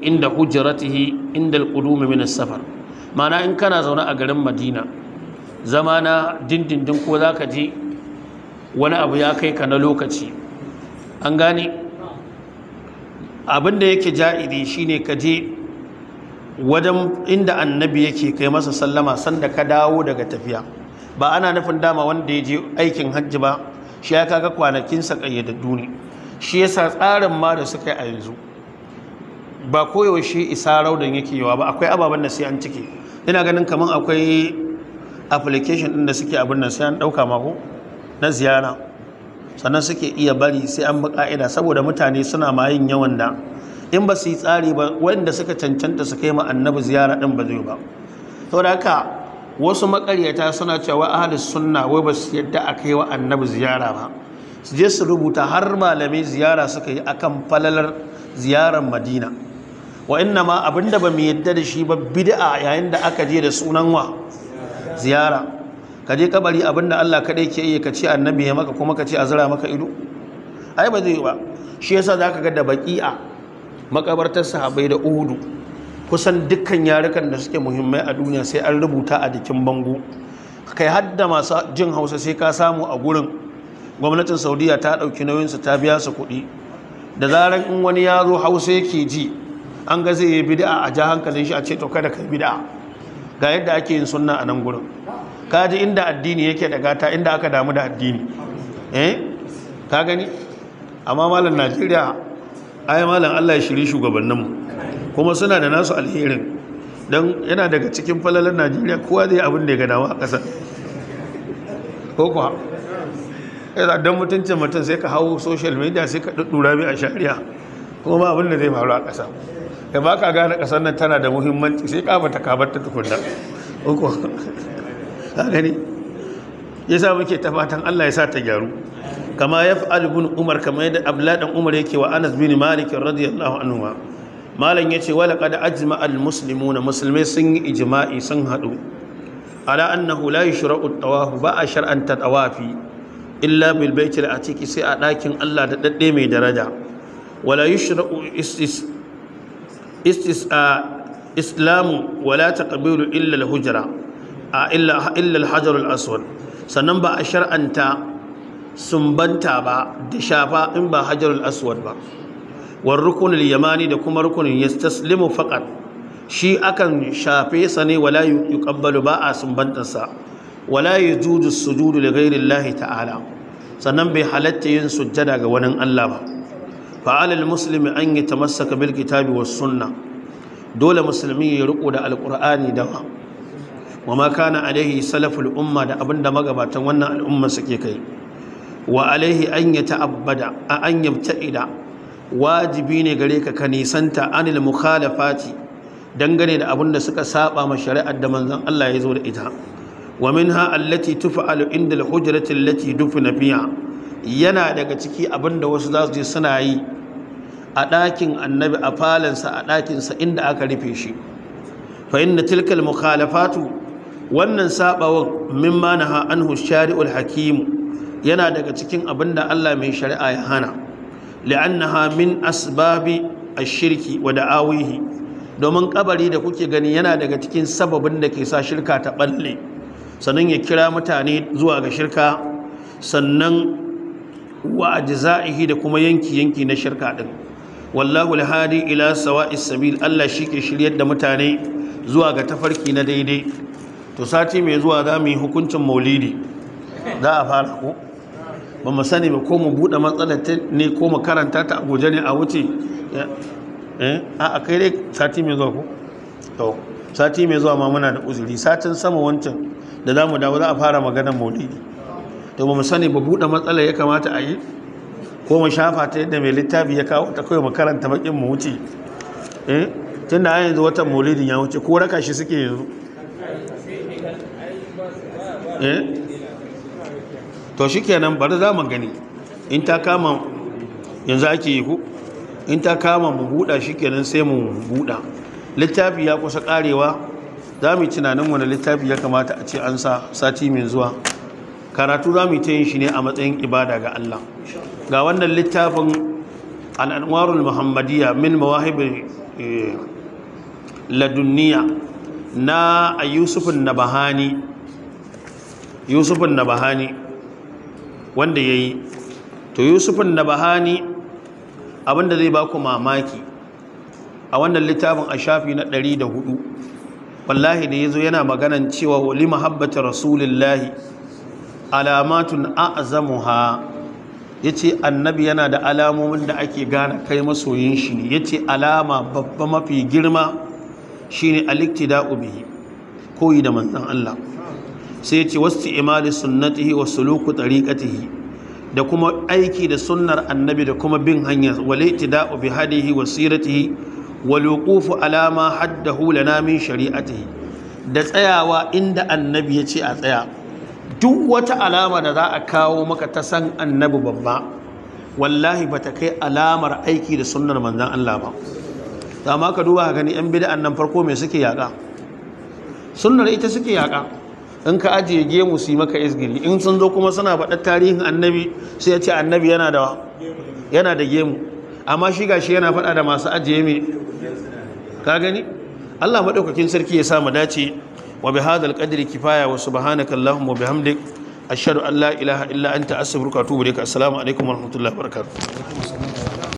inda hujjaratihi inda alƙudumi min safar mana in kana zaune a garin madina zama na dindindin ko za ka je wani abu ya kai ka na lokaci an gane abinda yake ja'idi shine ka je wajen inda annabi yake kai masa sallama sanda ka dawo daga tafiya ba ana nufin dama wanda ya je aikin hajji ba shi ya kaga kwanakinsa ƙayyadaddu ne shi yasa tsarin ma da suka yi a yanzu ba koyaushe isa raudan yake yawa ba akwai ababen da sai an ciki ina ganin kamar akwai application din da suke abin nan sai an ɗauka mako na ziyara sannan suke iya bari sai an bi ƙa'ida saboda mutane suna ma yin yawan da in ba su yi tsari ba wanda suka cancanta su kai ma annabi ziyara din ba zai ba saboda haka wasu makaryata suna cewa ahli sunna wai ba su yadda a kai wa annabi ziyara ba su je su rubuta har malamai ziyara suka yi akan falalar ziyarar madina wa inna ma abinda ba mu yadda da shi ba bid'a yayin da aka je da sunan wa ziyara ka je kabari abinda Allah kadai ke yi ka ce annabi ya maka kuma ka ce a maka ido ai ba zai ba shi yasa zaka ga da baqi'a makabartar sahabbai da uhudu kusan dukkan yarukan da suke muhimmai a duniya sai an rubuta a jikin bango kai hadda masu jin hausa sai ka samu a gurin gwamnatin saudiya ta ɗauki su ta biya su kuɗi da zarar in wani ya zo hausa yake ji an ga zai yi bid'a a ja hankalin shi a ce to kada kai bid'a ga yadda ake yin sunna a nan gurin kaji inda addini yake da gata inda aka damu da addini eh ka gani amma malam Najeriya ai malam Allah ya shiri shugabanninmu kuma suna da nasu alherin don yana daga cikin falalar Najeriya kowa zai abin da ya gadawa a ƙasa ko kuwa yana don mutuncin mutum sai ka hau social media sai ka ɗuɗɗura mai a shari'a kuma ba abin da zai faru a ƙasa da ba ka gane kasar nan tana da muhimmanci sai ka bata ka bata tukunna uku ka gani yasa muke ta fatan Allah ya sa ta gyaru kama yaf'al bin Umar kama yadda Abdullah Umar yake wa Anas bin Malik radiyallahu anhu malam yace wala qad ajma al muslimuna musulmai sun yi ijma'i sun haɗu ala annahu la yushra'u at ba a shar'anta tawafi illa bil baitil atiq sai a dakin Allah da dadde mai daraja wala yushra'u islamu wala ta illa illal hujjara a illal hajar aswad sannan ba a shar'anta sumbanta ba da shafa in ba hajjarul aswad ba war rukunin yamani da kuma rukunin ya taslimu faƙar shi akan shafe sa ne wala ƙabbalu ba a sumbantarsa wala yajudu su sujudu da gairin lahi ta'ala sannan bai halatta yin sujjada ga wani Allah ba fa'alal Musulmi an yi tamassaka bil kitabi was sunna dole musulmi ya riko da alqur'ani da wa ma kana alaihi salaful umma da abinda magabatan wannan al'umma suke kai wa alaihi an yata'abbada a an ida wajibi ne gare ka ka nisanta anil mukhalafati dangane da abin da suka saba ma shari'ar da manzon Allah ya zo da ita wa minha allati Alu inda al-hujrati allati dufina yana daga ciki abinda wasu za su je suna yi a ɗakin annabi a falansa a ɗakinsa inda aka rufe shi fa da tilkal mukhalafatu wannan sabawan mimma naha anhu shari'ul hakim yana daga cikin abinda Allah mai shari'a ya hana li'annaha min asbabi a shirki wa da'awihi domin kabari da kuke gani yana daga cikin sababin da ke sa shirka ta ɓalle sannan ya kira mutane zuwa ga shirka sannan wa ajza'ihi da kuma yanki yanki na shirka din wallahu alhadi ila sawa'is sabil Allah shi ke shiryar da mutane zuwa ga tafarki na daidai to sati mai zuwa za mu yi hukuncin maulidi za a fara ko ba mu sani ba ko mu buɗe matsalar ne ko mu karanta ta a ne a wuce eh, eh, a kai dai sati mai zuwa ko to sati mai zuwa ma muna da uzuri satin sama wancan da za mu dawo za a fara maganar maulidi to ba mu sani ba buɗe matsala ya kamata a yi ko mu shafa ta yadda mai littafi ya kawo ta kawai makaranta bakin mu wuce eh, tun da yanzu watan maulidin ya wuce ko raka shi suke yanzu eh to shikenan bari za mu gani in ta kama yanzu ake yi ku in ta kama mu buɗa shikenan sai mu buɗa littafi ya kusa ƙarewa za mu yi tunanin wani littafi ya kamata a ce an sa sati mai zuwa karatu za mu ta yin shi ne a matsayin ibada ga Allah ga wannan littafin al'anwarul muhammadiyya min mawahibin eh, ladunniya na a yusufin na bahani, yusufin na bahani wanda ya yi to yusufin na bahani abinda zai baku mamaki a wannan littafin a shafi na 104 wallahi da ya zo yana maganan cewa wali mahabbatar rasulillahi alamatun a'zamuha yace annabi yana da alamomin da ake gane kai masoyin shi ne yace alama babba mafi girma shine da bihi koyi da manzon Allah sai yace wasti'malu sunnatihi wa suluku tariqatihi da kuma aiki da sunnar annabi da kuma bin hanyar walitida'u bi hadihi wa siratihi wa luqufu alama haddahu lana min shari'atihi da tsayawa inda annabi yace a tsaya duk wata alama da za a kawo maka ta san annabi babba wallahi ba ta kai alamar aiki da sunnar manzan Allah ba za ma ka duba gani yan bid'an nan farko mai suke yaƙa sunnar ita suke yaƙa in ka ajiye gemu su yi maka izgiri in sun zo kuma suna faɗa tarihin annabi sai ya ce annabi yana da gemu amma shi gashi yana faɗa da masu ajiye mai ka gani Allah maɗaukakin sarki ya sa mu dace wa bihadha alqadri kifaya wa subhanaka allahumma wa bihamdik ashhadu an allah ilaha illa anta astaghfiruka wa atubu ilaik assalamu alaikum wa rahmatullahi wa